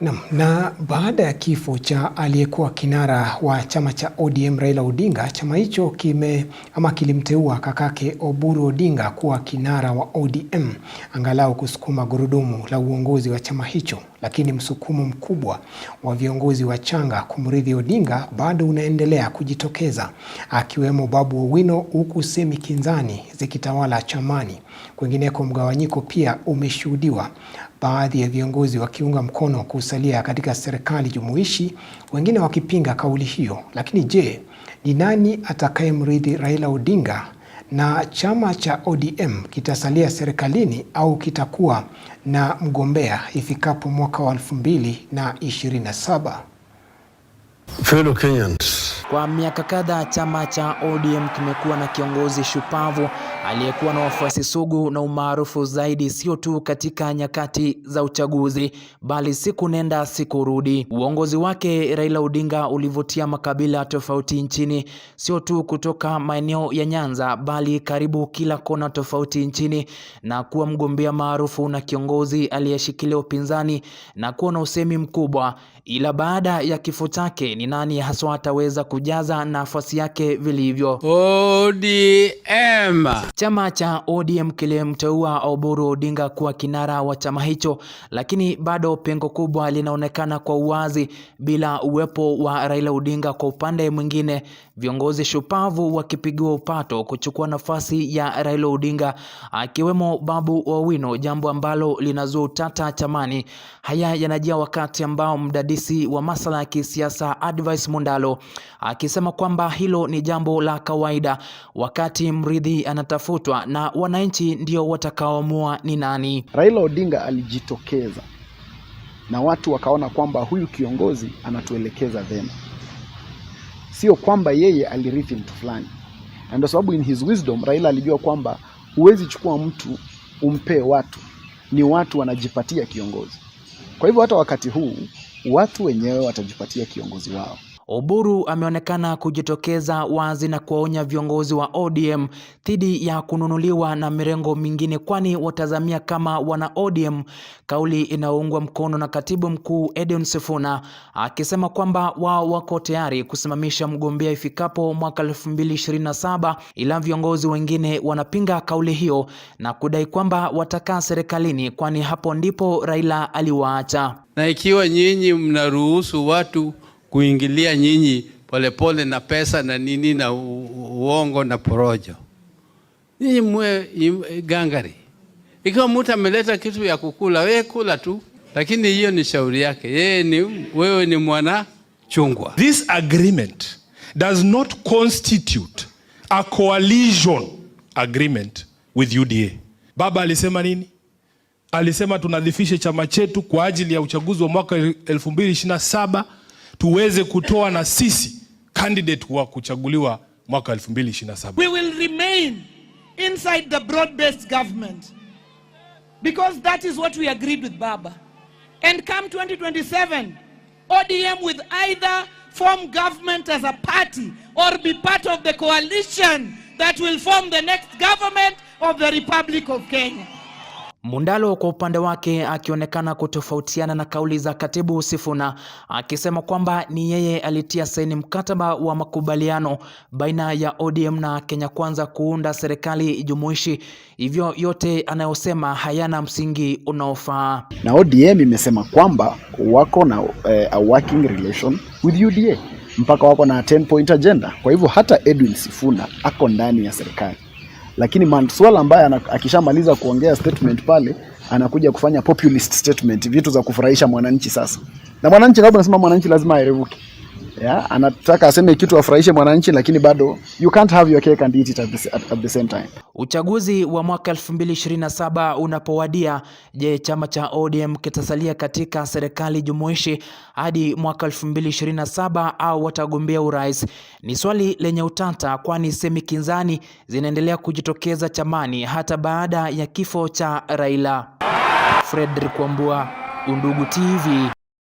Na, na baada ya kifo cha aliyekuwa kinara wa chama cha ODM Raila Odinga, chama hicho kime ama kilimteua kakake Oburu Odinga kuwa kinara wa ODM, angalau kusukuma gurudumu la uongozi wa chama hicho lakini msukumo mkubwa wa viongozi wachanga kumrithi Odinga bado unaendelea kujitokeza, akiwemo Babu Owino, huku semi kinzani zikitawala chamani. Kwingineko, mgawanyiko pia umeshuhudiwa, baadhi ya viongozi wakiunga mkono kusalia katika serikali jumuishi, wengine wakipinga kauli hiyo. Lakini je, ni nani atakayemrithi Raila Odinga? na chama cha ODM kitasalia serikalini au kitakuwa na mgombea ifikapo mwaka wa saba. Fellow Kenyans, kwa miaka kadhaa chama cha ODM kimekuwa na kiongozi shupavu aliyekuwa na wafuasi sugu na umaarufu zaidi, sio tu katika nyakati za uchaguzi, bali siku nenda siku rudi. Uongozi wake Raila Odinga ulivutia makabila tofauti nchini, sio tu kutoka maeneo ya Nyanza, bali karibu kila kona tofauti nchini, na kuwa mgombea maarufu na kiongozi aliyeshikilia upinzani na kuwa na usemi mkubwa. Ila baada ya kifo chake, ni nani haswa ataweza kujaza nafasi yake vilivyo? ODM. Chama cha ODM kilimteua Oburu Odinga kuwa kinara wa chama hicho, lakini bado pengo kubwa linaonekana kwa uwazi bila uwepo wa Raila Odinga. Kwa upande mwingine, viongozi shupavu wakipigiwa upato kuchukua nafasi ya Raila Odinga, akiwemo Babu Owino, jambo ambalo linazua utata chamani. Haya yanajia wakati ambao mdadisi wa masuala ya kisiasa Advice Mundalo akisema kwamba hilo ni jambo la kawaida wakati mridhi anata kutafutwa na wananchi ndio watakaoamua ni nani. Raila Odinga alijitokeza na watu wakaona kwamba huyu kiongozi anatuelekeza vema, sio kwamba yeye alirithi mtu fulani, na ndio sababu in his wisdom Raila alijua kwamba huwezi chukua mtu umpee watu, ni watu wanajipatia kiongozi. Kwa hivyo hata wakati huu watu wenyewe watajipatia kiongozi wao. Oburu ameonekana kujitokeza wazi na kuwaonya viongozi wa ODM dhidi ya kununuliwa na mirengo mingine, kwani watazamia kama wana ODM, kauli inayoungwa mkono na katibu mkuu Edwin Sifuna akisema kwamba wao wako tayari kusimamisha mgombea ifikapo mwaka 2027, ila viongozi wengine wanapinga kauli hiyo na kudai kwamba watakaa serikalini, kwani hapo ndipo Raila aliwaacha. Na ikiwa nyinyi mnaruhusu watu kuingilia nyinyi polepole na pesa na nini na uongo na porojo. Nyinyi mwe gangari. Ikiwa mtu ameleta kitu ya kukula, wewe kula tu, lakini hiyo ni shauri yake. Yeye ni wewe ni mwana chungwa. This agreement does not constitute a coalition agreement with UDA. Baba alisema nini? Alisema tunadhifishe chama chetu kwa ajili ya uchaguzi wa mwaka 2027 tuweze kutoa na sisi candidate wa kuchaguliwa mwaka 2027. We will remain inside the broad-based government because that is what we agreed with Baba. And come 2027, ODM with either form government as a party or be part of the coalition that will form the next government of the Republic of Kenya. Mundalo kwa upande wake akionekana kutofautiana na kauli za Katibu Sifuna akisema kwamba ni yeye alitia saini mkataba wa makubaliano baina ya ODM na Kenya Kwanza kuunda serikali jumuishi, hivyo yote anayosema hayana msingi unaofaa. Na ODM imesema kwamba wako na uh, a working relation with UDA mpaka wako na 10 point agenda. Kwa hivyo hata Edwin Sifuna ako ndani ya serikali lakini Mansuala ambaye akishamaliza kuongea statement pale anakuja kufanya populist statement, vitu za kufurahisha mwananchi sasa. Na mwananchi, labda nasema mwananchi lazima aerevuke yeah, anataka aseme kitu afurahishe mwananchi, lakini bado you can't have your cake and eat it at the, at the same time. Uchaguzi wa mwaka 2027 unapowadia, je, chama cha ODM kitasalia katika serikali jumuishi hadi mwaka 2027 au watagombea urais? Ni swali lenye utata, kwani semi kinzani zinaendelea kujitokeza chamani hata baada ya kifo cha Raila. Fredrick Kwambua, Undugu TV.